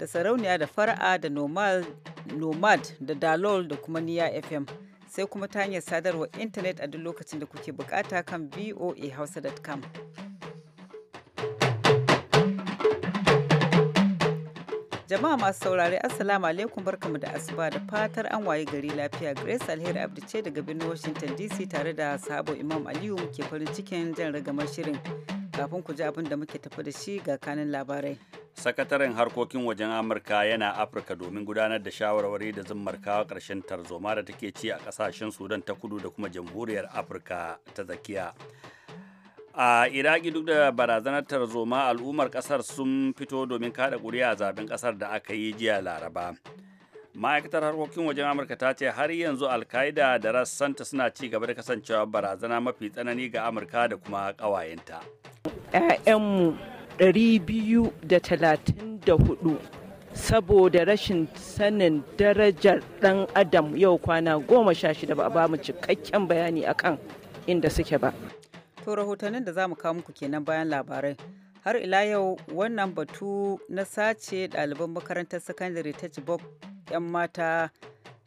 da sarauniya da fara'a da nomad da dalol da kuma niya fm sai kuma ta hanyar sadarwar intanet a duk lokacin da kuke bukata kan voahausa.com jama'a masu saurare assalamu alaikum barkamu da asuba da fatar an waye gari lafiya grace alheri abdu ce daga birnin washington dc tare da sabo imam aliyu ke farin cikin jan ragamar shirin Kafin ku ji abin da muke tafi da shi ga kanin labarai. sakataren harkokin wajen amurka yana afirka domin gudanar da shawarwari da zimmar kawo ƙarshen tarzoma da take ci a ƙasashen sudan ta kudu da kuma jamhuriyar afirka ta tsakiya a iraki duk da barazanar tarzoma al'ummar ƙasar sun fito domin kada ƙuri'a zaben ƙasar da aka yi jiya laraba ma'aikatar harkokin wajen amurka ta ce har yanzu alkaida da rassanta suna ci gaba da kasancewa barazana mafi tsanani ga amurka da kuma ƙawayenta da hudu saboda rashin sanin darajar ɗan adam yau kwana goma sha shida ba a ba mu cikakken bayani akan inda suke ba to rahotannin da za mu kawo muku kenan bayan labarai har ila yau wannan batu na sace ɗaliban makarantar sakandare ta jibob 'yan mata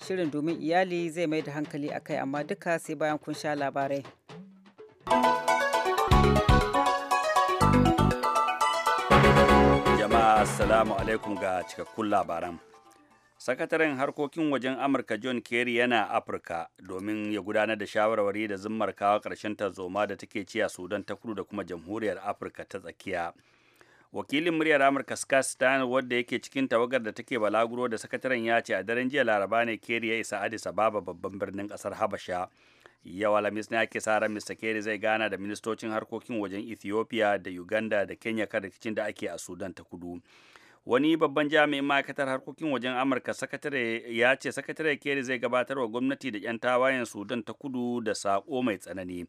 shirin domin iyali zai mai da hankali a kai amma duka sai bayan kun sha labarai jama'a assalamu alaikum ga cikakkun labaran sakataren harkokin wajen amurka john kerry yana afirka domin ya gudanar da shawarwari da zummar kawo ƙarshen tarzoma da take ci a sudan ta kudu da kuma jamhuriyar afirka ta tsakiya wakilin muryar amurka scott stein wadda yake cikin tawagar da take balaguro da sakataren ya ce a daren jiya laraba ne kerry ya isa addis ababa babban birnin kasar habasha yau alhamis ne ake sa ran mr kerry zai gana da ministocin harkokin wajen ethiopia da uganda da kenya kan rikicin da ake a sudan ta kudu wani babban jami'in ma'aikatar harkokin wajen amurka ya ce sakatare kerry zai gabatar wa gwamnati da 'yan tawayen sudan ta kudu da sako mai tsanani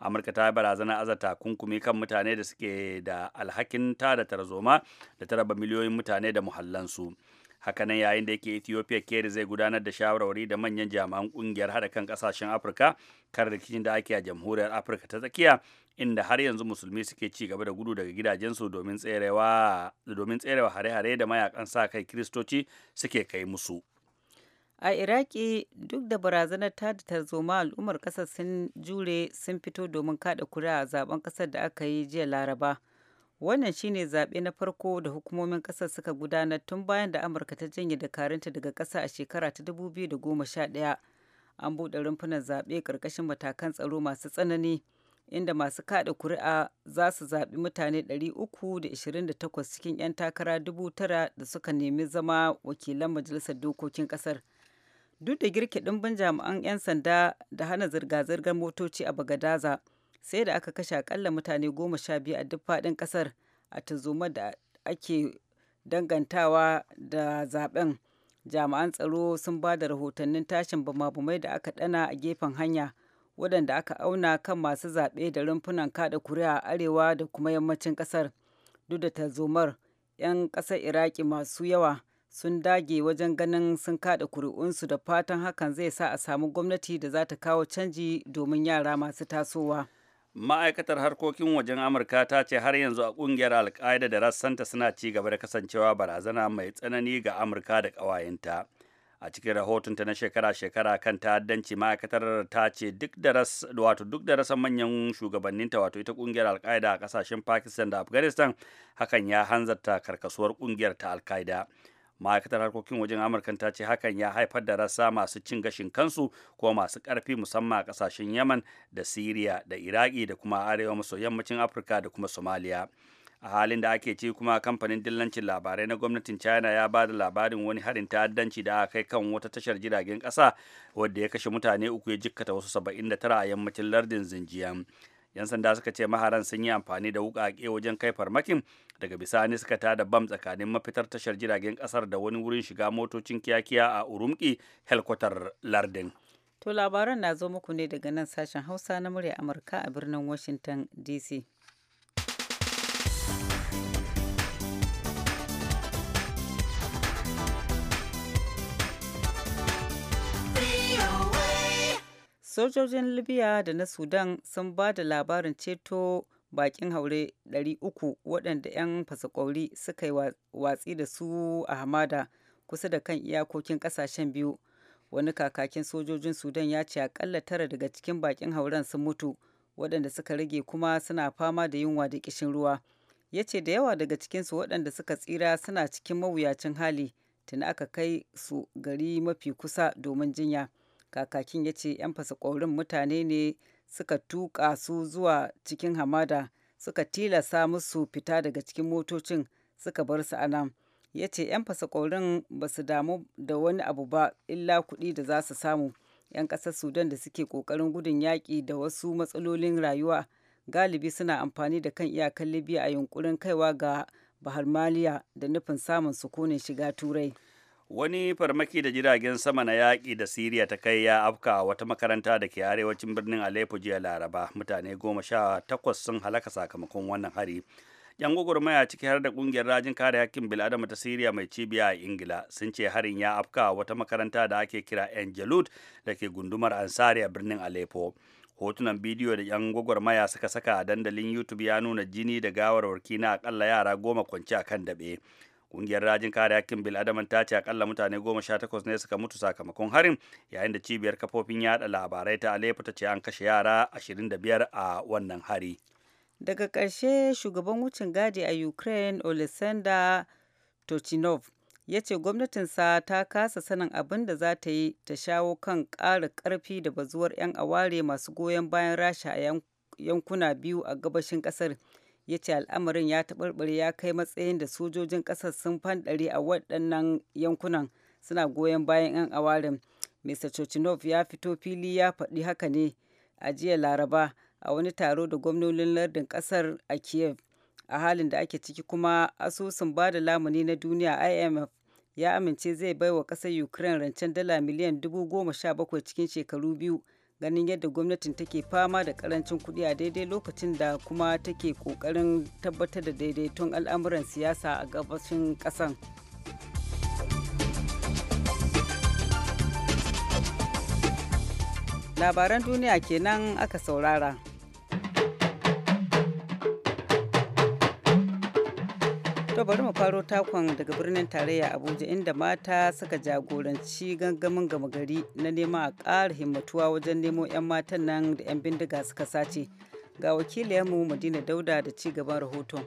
amurka ta yi barazana aza takunkumi kan mutane da suke da alhakin tada tarzoma da taraba miliyoyin mutane da muhallansu. su haka nan yayin da yake ethiopia keri zai gudanar da shawarwari da manyan jami'an kungiyar hada kan kasashen afirka kan rikicin da ake a jamhuriyar afirka ta tsakiya inda har yanzu musulmi suke ci gaba da gudu daga gidajensu domin tserewa hare-hare da mayakan sa kai kiristoci suke kai musu a iraki duk da barazanar ta da tarzoma al'ummar kasar sun jure sun fito domin kada kuri'a zaben kasar da aka yi jiya laraba Wannan shine zaɓe na farko da hukumomin ƙasar suka gudanar tun bayan da Amurka ta janye dakarunta daga ƙasa a shekara ta 2011. An buɗe rumfunan zaɓe ƙarƙashin matakan tsaro masu tsanani inda masu kaɗa kuri'a za su zaɓi mutane 328 cikin 'yan takara 9,000 da suka nemi zama wakilan majalisar dokokin ƙasar. Duk da girke ɗimbin jami'an 'yan sanda da hana zirga-zirgar motoci a Bagadaza. sai da aka kashe akalla mutane goma sha biyu a duk faɗin ƙasar a tuzuma da ake dangantawa da zaben jami'an tsaro sun ba da rahotannin tashin bama da aka ɗana a gefen hanya waɗanda aka auna kan masu zaɓe da rumfunan kaɗa kuri'a a arewa da kuma yammacin ƙasar duk da tarzomar 'yan ƙasar iraki masu yawa sun dage wajen ganin sun kaɗa kuri'unsu da fatan hakan zai sa a samu gwamnati da za ta kawo canji domin yara masu tasowa. ma'aikatar harkokin wajen amurka ta ce har yanzu a kungiyar alka'ida da rassanta suna ci gaba da kasancewa barazana mai tsanani ga amurka da ƙawayenta a cikin rahotonta na shekara-shekara kan ta'addanci ma'aikatar ta ce duk da ras wato duk da manyan shugabanninta wato ita kungiyar alka'ida a kasashen pakistan da afghanistan hakan ya hanzarta karkasuwar kungiyar ta alka'ida ma'aikatar harkokin wajen amurka ta ce hakan ya haifar da rasa masu cin gashin kansu ko masu karfi musamman a kasashen yaman da siriya da iraki da kuma arewa maso yammacin afirka da kuma somaliya a halin da ake ci kuma kamfanin dillancin labarai na gwamnatin china ya ba da labarin wani harin ta'addanci da aka kai kan wata tashar jiragen ƙasa wadda ya kashe mutane uku ya jikkata wasu 79 a yammacin lardin zinjiyan yan sanda suka ce maharan sun yi amfani da wuƙaƙe wajen kai farmakin daga bisani suka tada bam tsakanin mafitar tashar jiragen kasar da wani wurin shiga motocin kiyakiya a urumki helkwatar lardin to labaran na zo muku ne daga nan sashen hausa na murya amurka a birnin washington dc sojojin libya da na sudan sun ba da labarin ceto bakin haure 300 waɗanda 'yan fasakwauri suka yi watsi da su a hamada kusa da kan iyakokin ƙasashen biyu wani kakakin sojojin sudan ya ce akalla tara daga cikin bakin hauren sun mutu waɗanda suka rage kuma suna fama da yunwa da ƙishin ruwa ya ce da yawa daga cikinsu waɗanda suka tsira suna cikin mawuyacin hali tuni aka kai su gari mafi kusa domin jinya kakakin ya ce 'yan fasa mutane ne suka tuƙa su zuwa cikin hamada suka tilasa musu fita daga cikin motocin suka bar su a nan ya ce 'yan fasakorin ba su damu da wani abu ba illa kuɗi da za su samu 'yan ƙasar sudan da suke ƙoƙarin gudun yaƙi da wasu matsalolin rayuwa galibi suna amfani da kan iyakar libya a yunkurin kaiwa ga bahar maliya da nufin samun sukunin shiga turai wani farmaki da jiragen sama na yaƙi da siriya ta kai ya afka a wata makaranta da ke arewacin birnin aleppo jiya laraba mutane goma sha takwas sun halaka sakamakon wannan hari yan gwagwarmaya ciki har da ƙungiyar rajin kare hakkin bil'adama ta siriya mai cibiya a ingila sun ce harin ya afka a wata makaranta da ake kira angelut da ke gundumar ansari a birnin aleppo hotunan bidiyo da yan gwagwarmaya suka saka a dandalin youtube ya nuna jini da gawarwarki na akalla yara goma kwanci a kan daɓe kungiyar rajin kare hakkin bil'adaman ta ce akalla mutane goma sha takwas ne suka mutu sakamakon harin yayin da cibiyar kafofin yada labarai ta aleppo ta ce an kashe yara ashirin da biyar a wannan hari daga ƙarshe shugaban wucin gadi a ukraine oleksandr tochinov ya ce gwamnatinsa ta kasa sanin abin da za ta yi ta shawo kan ƙara ƙarfi da bazuwar 'yan aware masu goyon bayan rasha a yankuna biyu a gabashin ƙasar ya ce al'amarin ya taɓarɓare ya kai matsayin da sojojin ƙasar sun fanɗare a waɗannan yankunan suna goyon bayan 'yan awarin mr chochinov ya fito fili ya faɗi haka ne a jiya laraba a wani taro da gwamnonin lardin ƙasar a kiev a halin da ake ciki kuma asusun ba da lamuni na duniya imf ya amince zai baiwa ƙasar ukraine rancen dala miliyan dubu goma sha bakwai cikin shekaru biyu ganin yadda gwamnatin take fama da karancin kuɗi a daidai lokacin da kuma take ƙoƙarin tabbatar da daidaiton al'amuran siyasa a gabashin ƙasan. labaran duniya kenan aka saurara. To bari mu faro takon daga birnin tarayya Abuja inda mata suka jagoranci gangamin gama gari na nema a ƙara himmatuwa wajen nemo 'yan matan nan da 'yan bindiga suka sace. Ga wakiliyarmu Madina Dauda da ci gaban rahoton.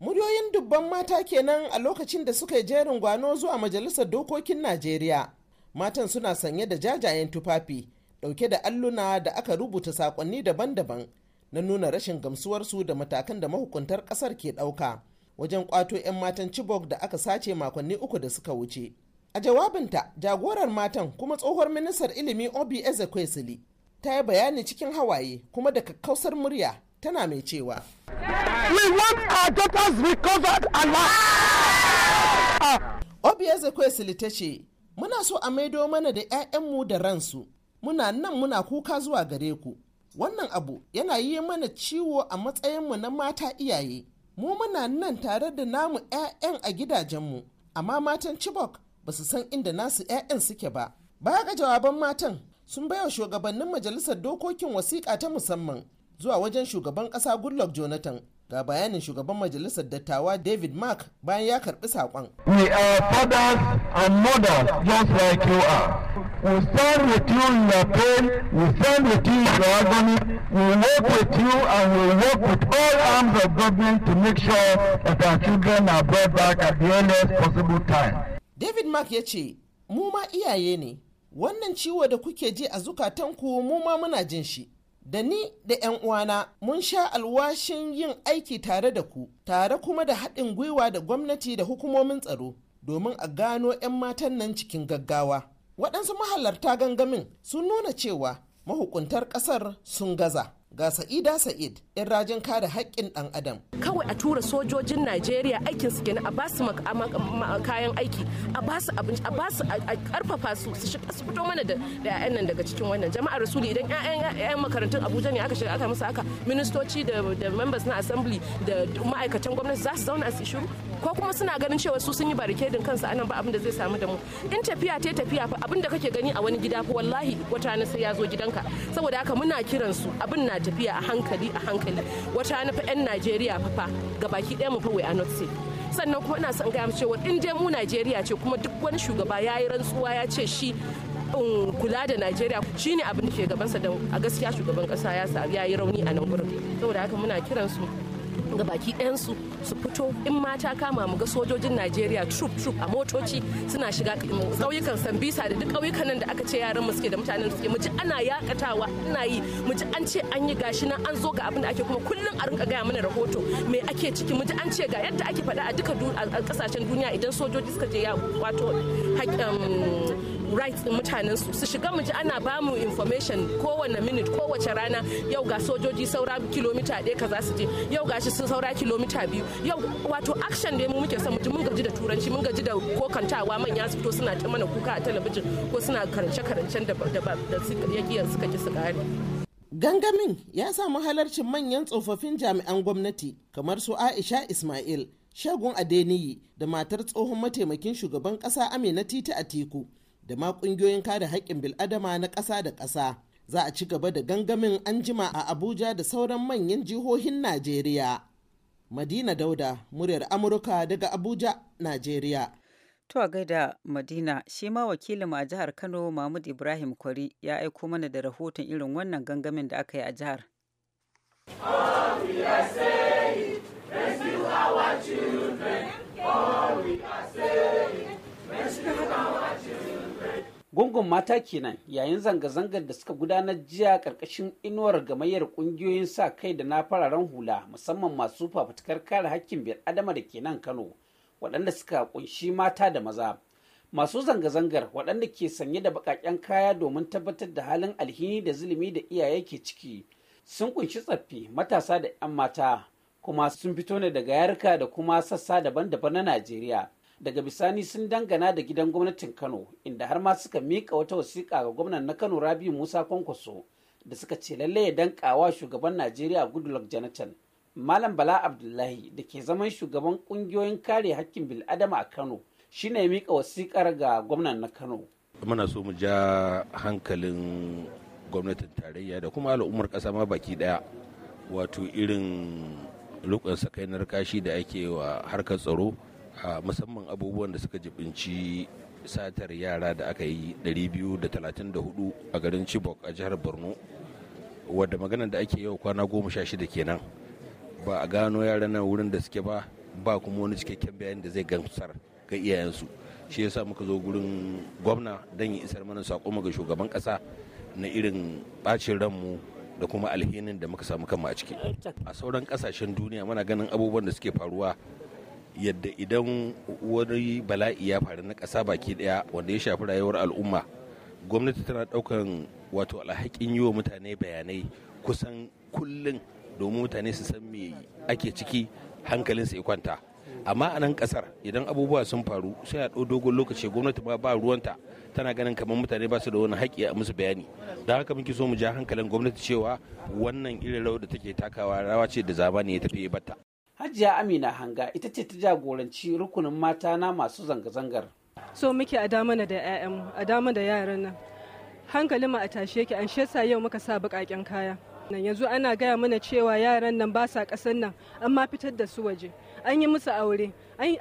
Muryoyin dubban mata kenan a lokacin da suka yi jerin gwano zuwa Majalisar Dokokin Najeriya matan suna sanye da jajayen tufafi dauke da alluna da aka rubuta sakonni daban-daban na nuna rashin gamsuwarsu da matakan da mahukuntar kasar ke dauka wajen kwato 'yan matan chibok da aka sace makonni uku da suka wuce a jawabinta jagorar matan kuma tsohuwar ministar ilimi obi ezekwesili ta yi bayani cikin hawaye kuma da kakkausar murya tana mai cewa we want our daughters recovered alive obi ezekwesili ta ce muna so a maido mana da 'ya'yanmu da ransu muna nan muna kuka zuwa gare ku wannan abu yana yi mana ciwo a matsayinmu na mata iyaye mu muna nan tare da namu 'ya'yan a gidajenmu amma matan chibok ba su san inda nasu 'ya'yan suke ba baya ga jawaban matan sun baiwa shugabannin majalisar dokokin wasiƙa ta musamman zuwa wajen shugaban ƙasa goodluck jonathan ga bayanin shugaban majalisar dattawa david mark bayan ya karbi saƙon we are fathers and mothers just like you are we stand with you in your pain we stand with you in your agony we work with you and we work with all arms of government to make sure that our children are brought back at the earliest possible time david mark ya ce mu ma iyaye ne wannan ciwo da kuke ji a zukatanku mu ma muna jin shi da ni da 'yan uwana mun sha alwashin yin aiki tare da ku tare kuma da haɗin gwiwa da gwamnati da hukumomin tsaro domin a gano 'yan matan nan cikin gaggawa waɗansu mahalarta gangamin sun nuna cewa mahukuntar ƙasar sun gaza ga sa'ida sa'id in rajin kare haƙƙin ɗan adam kawai a tura sojojin najeriya aikin su kenan a ba su kayan aiki a ba su abinci a ba su a karfafa su su shiga su fito mana da ƴaƴan nan daga cikin wannan jama'ar rasuli idan ƴaƴan makarantun abuja ne aka shiga aka musu haka ministoci da members na assembly da ma'aikatan gwamnati za su zauna su shiru ko kuma suna ganin cewa su sun yi barikedin kansu anan ba abin da zai samu da mu in tafiya ta tafiya fa abin da kake gani a wani gida fa wallahi wata na sai ya zo gidanka saboda haka muna kiran su abin na tafiya a hankali a hankali wata na fa 'yan najeriya fa ga baki ɗaya mu fa a not sannan kuma ina son gaya mu cewa in dai mu najeriya ce kuma duk wani shugaba ya yi rantsuwa ya ce shi um, kula da najeriya shine abin da ke gabansa da a gaskiya shugaban kasa ya yi rauni a nan gurin saboda haka muna kiran su ga baki ɗayansu su fito in mata kama mu ga sojojin najeriya troop troop a motoci suna shiga ƙauyukan sambisa da duk ƙauyukan nan da aka ce yaran mu suke da mutanen suke mu ji ana yakatawa ina yi mu ji an ce an yi gashi na an zo ga abin da ake kuma kullum a rinka gaya mana rahoto me ake ciki mu ji an ce ga yadda ake faɗa a duka kasashen duniya idan sojoji suka je ya wato um, rights din mutanen su su shiga mu ji ana ba mu information kowane minute kowace rana yau ga sojoji saura kilomita ɗaya kaza su je yau ga shi sun saura kilomita biyu yau wato action da mu muke son mu mun gaji da turanci mun gaji da kokantawa manya su fito suna ta mana kuka a talabijin ko suna karance-karancen da da yakiyar suka ki su kare. Gangamin ya samu halarcin manyan tsofaffin jami'an gwamnati kamar su Aisha Ismail, Shagun Adeniyi da matar tsohon mataimakin shugaban ƙasa Amina Titi atiku. da ma kungiyoyin kada haƙƙin bil'adama na ƙasa da ƙasa za a ci gaba da gangamin anjima a abuja da sauran manyan jihohin najeriya madina dauda muryar amurka daga abuja najeriya to a gaida madina shi ma wakilinmu a jihar kano mahmud ibrahim kwari ya aiko mana da rahoton irin wannan gangamin da aka yi a jihar All we are saying, rescue our children. Gungun mata kenan yayin zanga-zangar da suka gudanar jiya karkashin inuwar gamayyar kungiyoyin sa kai da na fararen hula musamman masu fafutukar kare hakkin biyar adama da ke nan Kano waɗanda suka kunshi mata da maza. Masu zanga-zangar waɗanda ke sanye da baƙaƙen kaya domin tabbatar da halin alhini da zulumi da iyaye ke ciki sun kunshi tsaffi matasa da 'yan mata kuma sun fito ne daga yarka da kuma sassa daban-daban na Najeriya. daga bisani sun dangana da gidan gwamnatin kano inda har ma suka mika wata wasiƙa ga gwamnan na kano rabi musa kwankwaso da suka ce lallai ya dankawa shugaban najeriya goodluck jonathan malam bala abdullahi da ke zaman shugaban kungiyoyin kare hakkin bil'adama a kano shine ya mika wasiƙar ga gwamnan na kano muna so mu ja hankalin gwamnatin tarayya da kuma al'ummar ƙasa ma baki ɗaya wato irin rukun sakainar kashi da ake wa harkar tsaro A musamman abubuwan da suka jibinci satar yara da aka yi 234 a garin chibok a jihar borno wadda magana da ake yau kwana goma sha shida kenan ba a gano yara nan wurin da suke ba ba kuma wani cikakken bayani da zai gamsar ga iyayensu shi yasa muka zo gurin gwamna don ya isar mana saƙo ga shugaban ƙasa na irin ɓacin ranmu da kuma alhinin da muka samu kanmu a ciki a sauran ƙasashen duniya muna ganin abubuwan da suke faruwa yadda idan wani bala'i ya faru na ƙasa baki ɗaya wanda ya shafi rayuwar al'umma gwamnati tana ɗaukan wato alhakin yi wa mutane bayanai kusan kullum domin mutane su san me ake ciki su ya kwanta amma a nan ƙasar idan abubuwa sun faru sai a ɗau dogon lokaci gwamnati ma ba ruwanta tana ganin kamar mutane ba su da wani haƙƙi a musu bayani don haka muke so mu ja hankalin gwamnati cewa wannan irin rawar da take takawa rawa ce da zamani ya tafi ya bata. Hajiya Amina Hanga ita ce ta jagoranci rukunin mata na masu zanga-zangar. So muke a damana da 'ya'yanmu, a damana da yaran nan. Hankali mu a tashe ki an shesa yau muka sa baƙaƙen kaya. yanzu ana gaya mana cewa yaran nan ba sa ƙasar nan an ma fitar da su waje an yi musu aure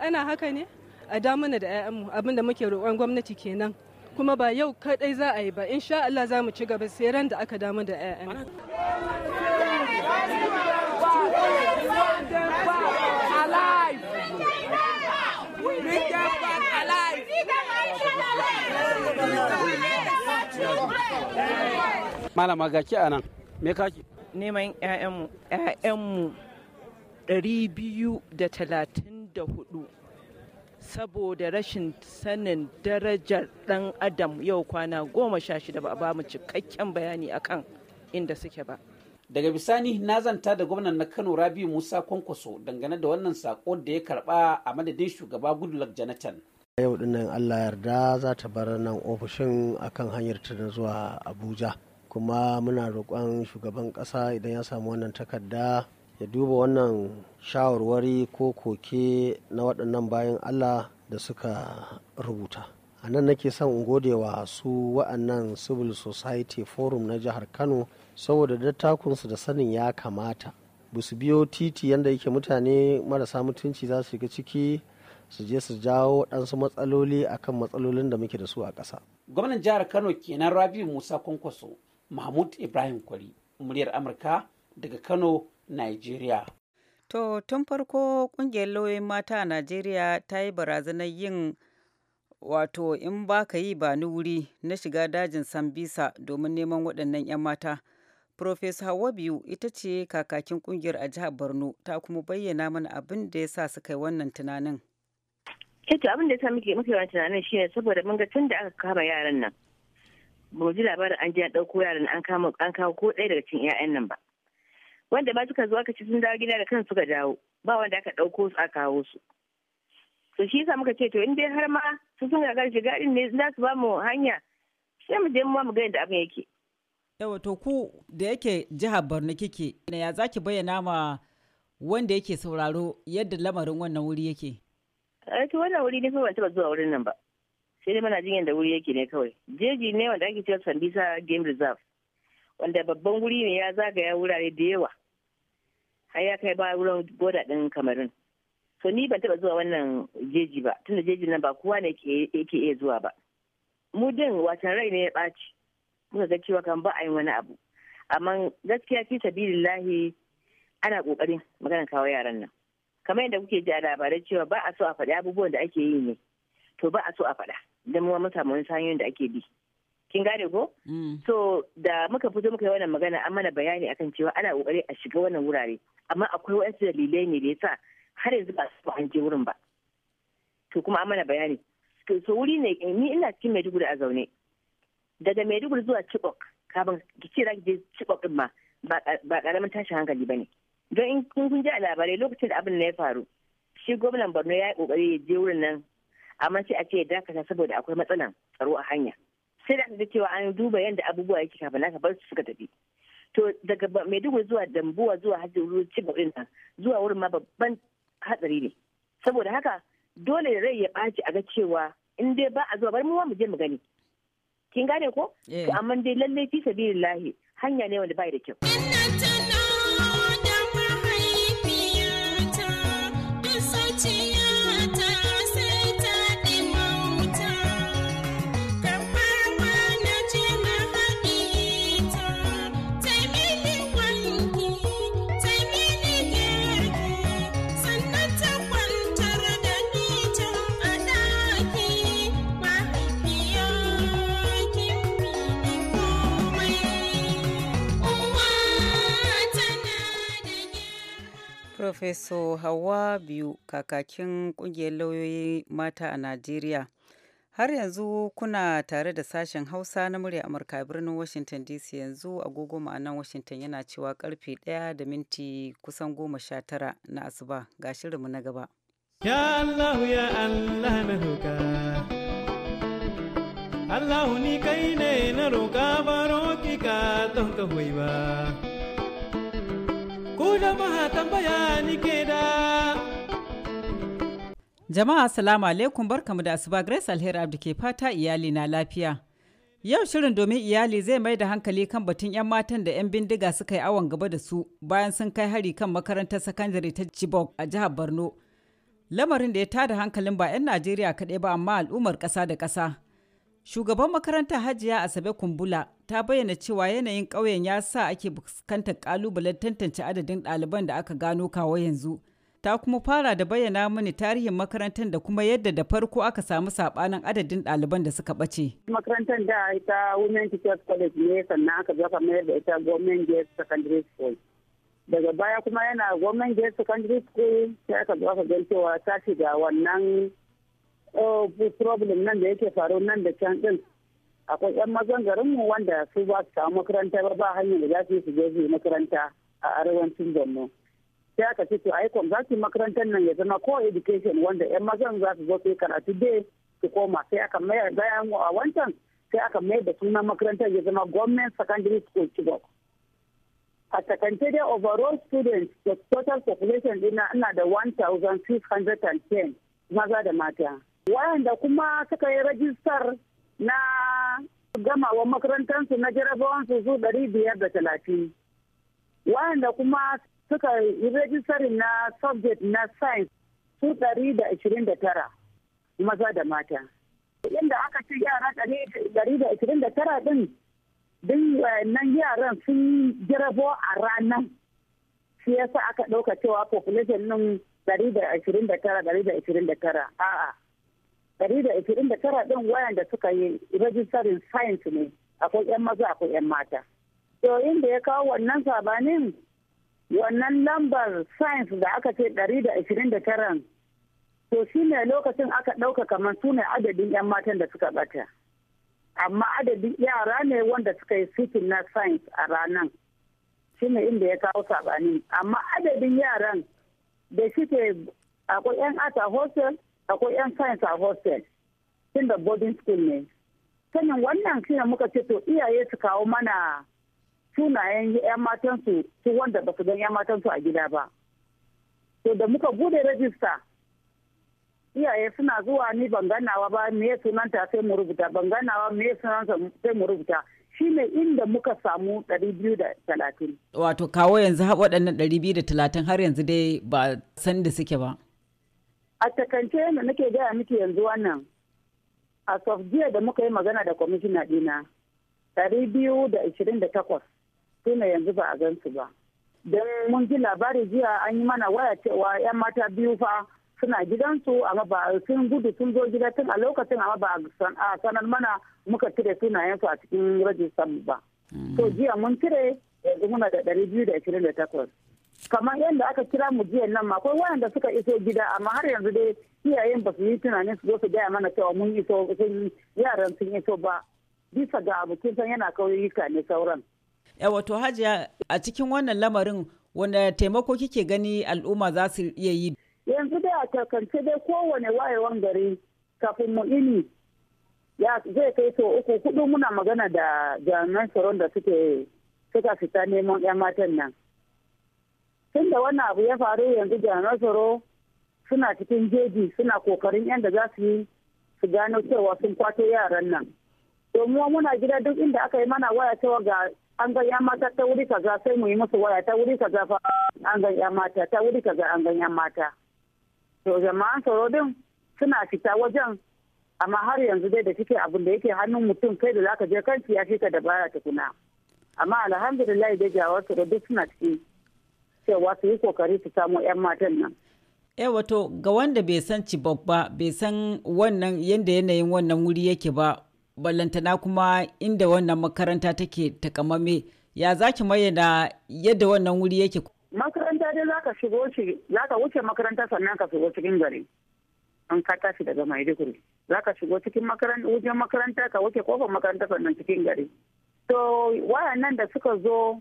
ana haka ne a damana da 'ya'yanmu abin da muke roƙon gwamnati kenan kuma ba yau kaɗai za a yi ba in sha Allah za mu ci gaba sai ran da aka damu da 'ya'yan malama ga ki anan me kaki neman ƴaƴanmu ƴaƴanmu ɗari biyu da talatin da hudu saboda rashin sanin darajar dan adam yau kwana goma sha shida ba a bamu cikakken bayani akan inda suke ba daga bisani na zanta da gwamnan na kano rabi musa kwankwaso dangane da wannan sako da ya karba a madadin shugaba goodluck jonathan yau dinnan allah yarda za ta bar nan ofishin akan hanyar ta zuwa abuja kuma muna roƙon shugaban ƙasa idan ya samu wannan takarda ya duba wannan shawarwari ko koke na waɗannan bayan allah da suka rubuta a nan nake son in gode wa su wa'annan civil society forum na jihar kano saboda dattakunsu da sanin ya kamata ba su biyo titi yadda yake mutane marasa mutunci za su shiga ciki su je su jawo waɗansu matsaloli akan matsalolin da muke da su a ƙasa. Gwamnan jihar Kano kenan Rabi Musa Kwankwaso, Mahmud Ibrahim Kwari, muryar Amurka daga Kano, Nigeria. To tun farko ƙungiyar lauyoyin mata a Najeriya ta yi barazanar yin wato in ba ka yi ba ni wuri na shiga dajin Sambisa domin neman waɗannan 'yan mata. Profesa hawa Biyu ita ce kakakin ƙungiyar a jihar Borno ta kuma bayyana mana abin da ya sa suka yi wannan tunanin. Eh to abin da ya sami ke mafi yawan tunanin shine saboda mun ga tun da aka kama yaran nan mu ji labarin an ji an ɗauko yaran an kama an kawo ko ɗaya daga cikin 'ya'yan nan ba wanda ba suka zo aka ci sun dawo gida da kansu suka dawo ba wanda aka ɗauko su aka kawo su to shi yasa muka ce to in dai har ma su sun gagar shiga din ne za su ba mu hanya sai mu je mu ga yadda abin yake yawa to ku da yake jihar Borno kike ya zaki bayyana ma wanda yake sauraro yadda lamarin wannan wuri yake Ai, eh, to wannan wuri ne fa ban taba zuwa wurin nan ba sai dai muna jinyar da wuri yake ne kawai jeji ne wanda ake cewa sambisa game reserve wanda babban wuri ne ya zagaya wurare da yawa har ya kai ba wurin boda din kamarin so ni ban taba zuwa wannan jeji ba tunda jeji nan ba kowa ne yake iya zuwa ba mu din watan rai ne ya ɓaci muka ga cewa kan ba a yi wani abu amma gaskiya fi sabilillahi ana ƙoƙarin maganar kawo yaran nan kamar yadda kuke ji a labarai cewa ba a so a faɗi abubuwan da ake yi ne to ba a so a faɗa don mu mun samu wani hanyoyin da ake bi kin gane ko mm. so da muka fito muka yi wannan magana an mana bayani akan cewa ana kokari a shiga wannan wurare amma akwai wasu dalilai ne da yasa har yanzu ba su an je wurin ba to kuma an mana bayani to so wuri ne ni ina cikin Maiduguri a zaune daga Maiduguri zuwa Chibok kafin ki ce za ki je Chibok din ma ba karamin tashin hankali bane don in kun ji a labarai lokacin da abin ne ya faru shi gwamnan borno ya yi kokari ya je wurin nan amma sai a ce ya dakata saboda akwai matsalan tsaro a hanya sai da ta cewa an duba yadda abubuwa yake kafin aka bar su suka tafi to daga maiduguri zuwa dambuwa zuwa hajji wurin cibin din nan zuwa wurin ma babban hatsari ne saboda haka dole rai ya ɓaci a ga cewa in dai ba a zuwa bari mu mu je mu gani kin gane ko eh. to amma dai lallai fi sabilillahi hanya ne wanda bai da kyau Profeso Hawa Biyu, kakakin ƙungiyar lauyoyi mata a Najeriya. Har yanzu kuna tare da sashen Hausa na murya Amurka birnin Washington DC yanzu agogo ma'anan Washington yana cewa karfe ɗaya da minti kusan goma sha tara na asuba ga shirinmu na gaba. Ya Allah ya Allah na roƙa. Allah ni kai ne na roƙa baro ki ka don ka ba. ku jama'a tambaya ni ke da. Jama'a Salamu alaikum barkamu da asuba Grace Alheri Abdu ke fata iyali na lafiya. Yau shirin domin iyali zai mai da hankali kan batun 'yan matan da 'yan bindiga suka yi awon gaba da su bayan sun kai hari kan makarantar sakandare ta Chibok a jihar Borno. Lamarin da ya tada hankalin ba 'yan Najeriya kaɗai ba amma al'ummar ƙasa da ƙasa. Shugaban makarantar Hajiya Asabe Kumbula ta bayyana cewa yanayin ƙauyen ya sa ake fuskantar ƙalubalen tantance adadin ɗaliban da aka gano kawo yanzu. Ta kuma fara da bayyana mini tarihin makarantar da kuma yadda da farko aka samu saɓanin adadin ɗaliban da suka ɓace. Makarantar da ita Women Teachers College ne sannan aka zafa mayar da ita Government Girls Secondary School. Daga baya kuma yana Government Girls Secondary School sai aka zafa aka cewa ta shiga wannan Eh, problem nan da yake faru nan da can din akwai 'yan mazan garinmu wanda su ba su samu makaranta ba ba hanyar da za su yi su je su makaranta a arewacin borno sai aka ce to aikon za su makarantar nan ya zama ko education wanda 'yan mazan za su zo su yi karatu dai su koma sai aka mayar bayan a wancan sai aka mayar da sunan makarantar ya zama government secondary school chibok a takance dai overall students the total population dina ina da 1610 maza da mata waɗanda kuma suka yi rajistar na gamawa makarantarsu na jarabawansu su su ɗari biyar da talatin waɗanda kuma suka yi rajistar na subject na science su ɗari da ashirin da tara maza da mata inda aka ce yara ɗari da ashirin da tara ɗin din nan yaran sun jarabo a ranar shi yasa aka ɗauka cewa population ɗin ɗari da ashirin da tara ɗari da ashirin da tara a'a ɗari da wayan da tara ɗin suka yi rajistarin science ne akwai 'yan maza akwai 'yan mata. To inda ya kawo wannan sabanin wannan lambar science da aka ce ɗari da da to shi ne lokacin aka ɗauka kamar su ne adadin 'yan matan da suka ɓata. Amma adadin yara ne wanda suka yi sitin na science a ranar. Shi ne inda ya kawo sabanin. Amma adadin yaran da suke akwai 'yan ata hostel akwai 'yan science a hostel tun da boarding school ne sanin wannan shine muka ce to iyaye su kawo mana sunayen 'yan matansu su wanda ba su gan 'yan matansu a gida ba to da muka bude rajista iyaye suna zuwa ni ban ganawa ba me sunanta sai mu rubuta ban ganawa me sunanta sai mu rubuta shine inda muka samu 230 wato kawo yanzu waɗannan 230 har yanzu dai ba san da suke ba a takance yadda nake gaya miki yanzu wannan a jiya da muka yi magana da kwamishina dina ɗari biyu da ishirin da takwas suna yanzu ba a gansu ba don mun ji labari jiya an yi mana waya cewa 'yan mata biyu fa suna gidansu amma ba sun gudu sun zo gida tun a lokacin amma ba a sanar mana muka cire sunayensu a cikin rajistan ba. Mm. to jiya mun cire yanzu muna da ɗari biyu da ishirin da takwas. kamar yadda aka kira mu jiya nan ma akwai waɗanda suka iso gida amma har yanzu dai iyayen ba su yi tunanin su zo su gaya mana cewa mun iso sun yaran sun iso ba bisa ga abokin san yana yi ne sauran. wato hajiya a cikin wannan lamarin wanda taimako kike gani al'umma za su iya yi. yanzu dai a kakance dai kowane wayewan gari kafin mu ini ya zai kai so uku kudu muna magana da jami'an tsaron da suke suka fita neman 'yan matan nan. tun da wannan abu ya faru yanzu jami'an tsaro suna cikin jeji suna kokarin yadda za su yi su gano cewa sun kwato yaran nan domin muna gida duk inda aka yi mana waya cewa ga an ga yan mata ta wuri kaza sai mu yi musu waya ta wuri kaza fa an ga yan mata ta wuri kaza an ga yan mata to jama'an tsaro din suna fita wajen amma har yanzu dai da suke abin da yake hannun mutum kai da zaka je kanki ya fika da baya tukuna amma alhamdulillah dai jawar tsaro duk suna cikin cewa su yi kokari su samu 'yan matan nan. Eh, wato ga wanda bai san Chibok ba bai san wannan yadda yanayin wannan wuri yake ba ballantana kuma inda wannan makaranta take takamame ya zaki mayyana yadda wannan wuri yake makaranta dai za ka shigo shi za ka wuce makaranta sannan ka shigo cikin gari an ka tashi daga Maiduguri ka shigo cikin makaranta wajen makaranta ka wuce kofar makaranta sannan cikin gari to wayannan da suka zo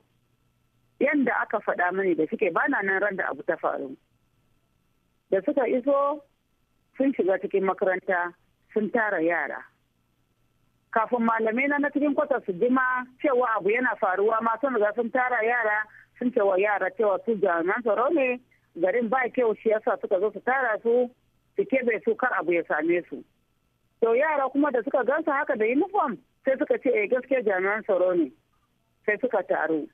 yadda aka faɗa mani da suke bana nan ran da abu ta faru da suka iso sun shiga cikin makaranta sun tara yara kafin malamai na na cikin kwata su jima cewa abu yana faruwa ma sun riga sun tara yara sun cewa yara cewa su jami'an tsaro ne garin ba kyau shi yasa suka zo su tara su su kebe su kar abu ya same su to yara kuma da suka gansa haka da uniform sai suka ce eh gaskiya jami'an tsaro ne sai suka taru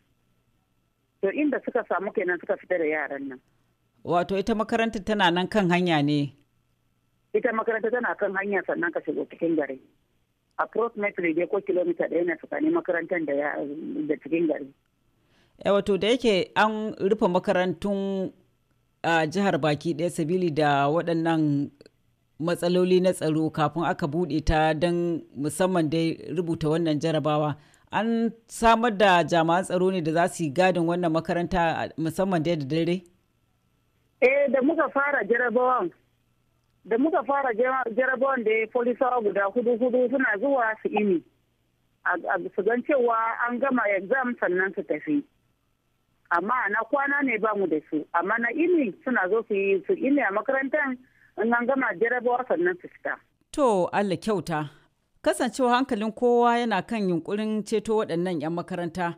to inda suka samu kenan suka fita da yaran nan wato ita makaranta tana nan kan hanya ne ita makaranta tana kan hanya sannan ka shigo cikin gari approximately dai ko kilomita ɗaya na tsakanin makarantar da cikin gari e wato da yake an rufe makarantun a jihar baki ɗaya sabili da waɗannan matsaloli na tsaro kafin aka buɗe ta don musamman dai rubuta wannan jarabawa an samar da jami'an tsaro ne da za su yi gadin wannan makaranta musamman da da dare? Eh da muka fara jarabawan da muka fara jarabawan da ya guda hudu hudu suna zuwa su ini su gan cewa an gama exam sannan su tafi amma na kwana ne ba mu da su amma na ini suna zo su yi su ini a makarantar an gama jarabawa sannan su fita. To Allah kyauta kasancewa hankalin kowa yana kan yunkurin ceto waɗannan 'yan makaranta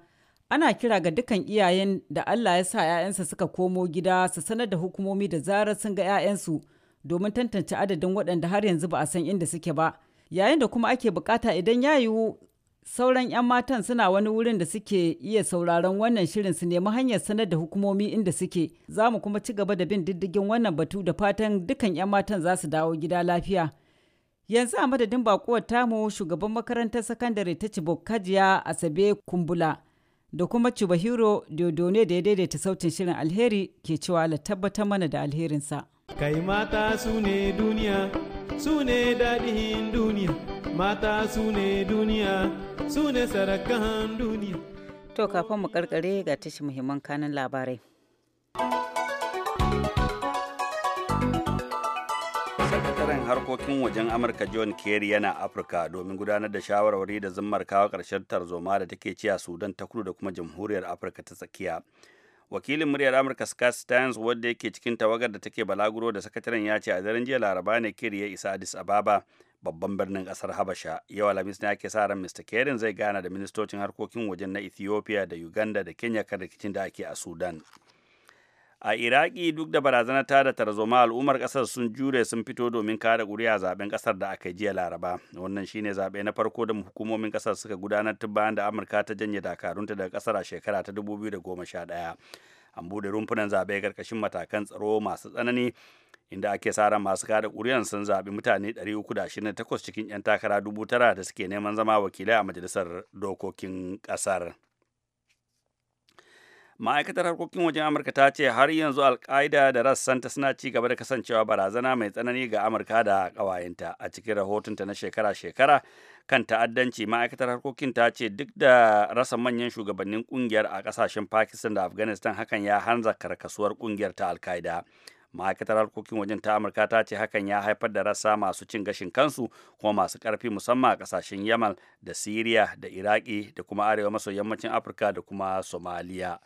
ana kira ga dukkan iyayen da allah ya sa 'ya'yansa suka komo gida su sanar da hukumomi da zarar sun ga 'ya'yansu domin tantance adadin waɗanda har yanzu ba a san inda suke ba yayin da kuma ake bukata idan ya yiwu sauran 'yan matan suna wani wurin da suke iya sauraron wannan shirin su nemi hanyar sanar da hukumomi inda suke za mu kuma ci gaba da bin diddigin wannan batu da fatan dukkan 'yan matan za su dawo gida lafiya. Yanzu a madadin bakuwar tamu shugaban makarantar sakandare ta Kajiya Asabe Kumbula da kuma cibahiro Diodone da ya daidaita sautin shirin alheri ke cewa la tabbatar mana da alherinsa. Kai mata su ne duniya, su ne daɗin duniya, mata su ne duniya, su ne sarakan duniya. To kafin mu karkare ga tashi muhimman kanin labarai. harkokin wajen Amurka John Kerry yana Afirka domin gudanar da shawarwari da zimmar kawo karshen tarzoma da take ci a Sudan ta kudu da kuma Jamhuriyar Afirka ta tsakiya. Wakilin muryar Amurka Scott Stearns wadda yake cikin tawagar da take balaguro da sakataren ya ce a daren jiya Laraba ne Kerry ya isa Addis Ababa babban birnin kasar Habasha. Yau Alhamis ne ake sa ran Mr. Kerry zai gana da ministocin harkokin wajen na Ethiopia da Uganda da Kenya kan rikicin da ake a Sudan. a iraki duk da barazanar ta da tarzoma al'ummar kasar sun jure sun fito domin kare kuri'a zaben kasar da aka jiya laraba wannan shine zabe na farko da hukumomin kasar suka gudanar tun bayan da amurka ta janye dakarunta daga kasar a shekara ta 2011 an bude rumfunan zabe karkashin matakan tsaro masu tsanani inda ake sara masu kada kuri'an sun zabi mutane 328 cikin 'yan takara 9,000 da suke neman zama wakilai a majalisar dokokin ƙasar. ma'aikatar harkokin wajen amurka ta ce har yanzu alkaida da rassanta suna ci gaba da kasancewa barazana mai tsanani ga amurka da ƙawayenta a cikin rahotonta na shekara-shekara kan ta'addanci ma'aikatar harkokin ta ce duk da rasa manyan shugabannin kungiyar a kasashen pakistan da afghanistan hakan ya hanza karkasuwar kungiyar ta alkaida ma'aikatar harkokin wajen ta amurka ta ce hakan ya haifar da rasa masu cin gashin kansu kuma masu ƙarfi musamman a ƙasashen yamal da siriya da iraki da kuma arewa maso yammacin afirka da kuma somaliya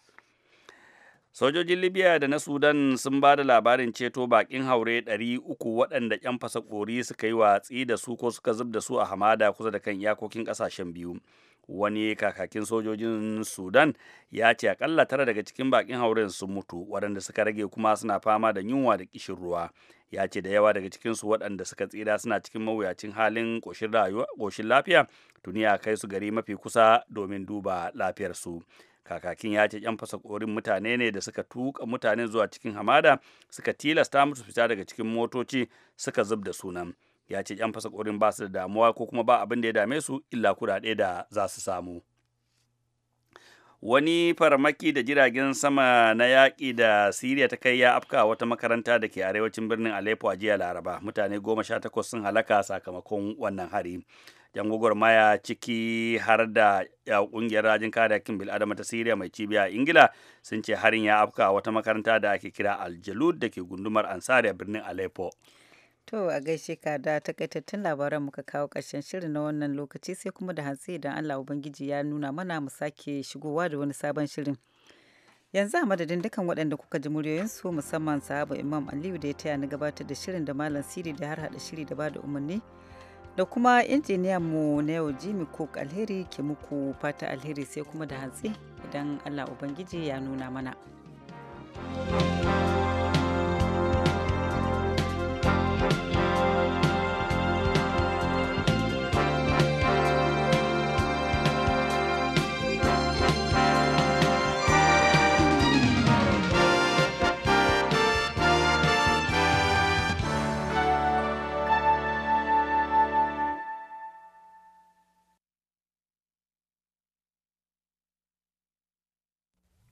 sojojin libya da na sudan sun ba da labarin ceto bakin haure 300 waɗanda 'yan fasakori suka yi watsi da su ko suka zub da su a hamada kusa da kan iyakokin ƙasashen biyu wani kakakin sojojin sudan ya ce akalla tara daga cikin bakin hauren sun mutu waɗanda suka rage kuma suna fama da yunwa da kishin ruwa ya ce da yawa daga cikinsu waɗanda suka tsira suna cikin mawuyacin halin ƙoshin lafiya tuni a kai su gari mafi kusa domin duba lafiyarsu. kakakin ya ce yan fasa korin mutane ne da suka tuka mutane zuwa cikin hamada suka tilasta musu fita daga cikin motoci suka zub da sunan ya ce yan fasa korin ba su da damuwa ko kuma ba abin da ya dame su illa kuɗaɗe da za su samu wani farmaki da jiragen sama na yaƙi da siriya ta kai ya afka wata makaranta da ke arewacin birnin aleppo a jiya laraba mutane goma sha takwas sun halaka sakamakon wannan hari yan maya ciki har da ya kungiyar rajin kare hakkin bil'adama ta siriya mai cibiya ingila sun ce harin ya afka wata makaranta da ake kira aljalud da ke gundumar ansariya birnin aleppo to a gaishe ka da takaitattun labaran muka kawo karshen shirin na wannan lokaci sai kuma da hantsi idan allah ubangiji ya nuna mana mu sake shigowa da wani sabon shirin yanzu a madadin dukan waɗanda kuka ji muryoyinsu musamman sahaba imam aliyu da ya taya na gabatar da shirin da malam siri da har hada shiri da ba da umarni da kuma injiniyan mu na yau jimmy cook alheri ke muku fata alheri sai kuma da hantsi idan allah ubangiji ya nuna mana. thank you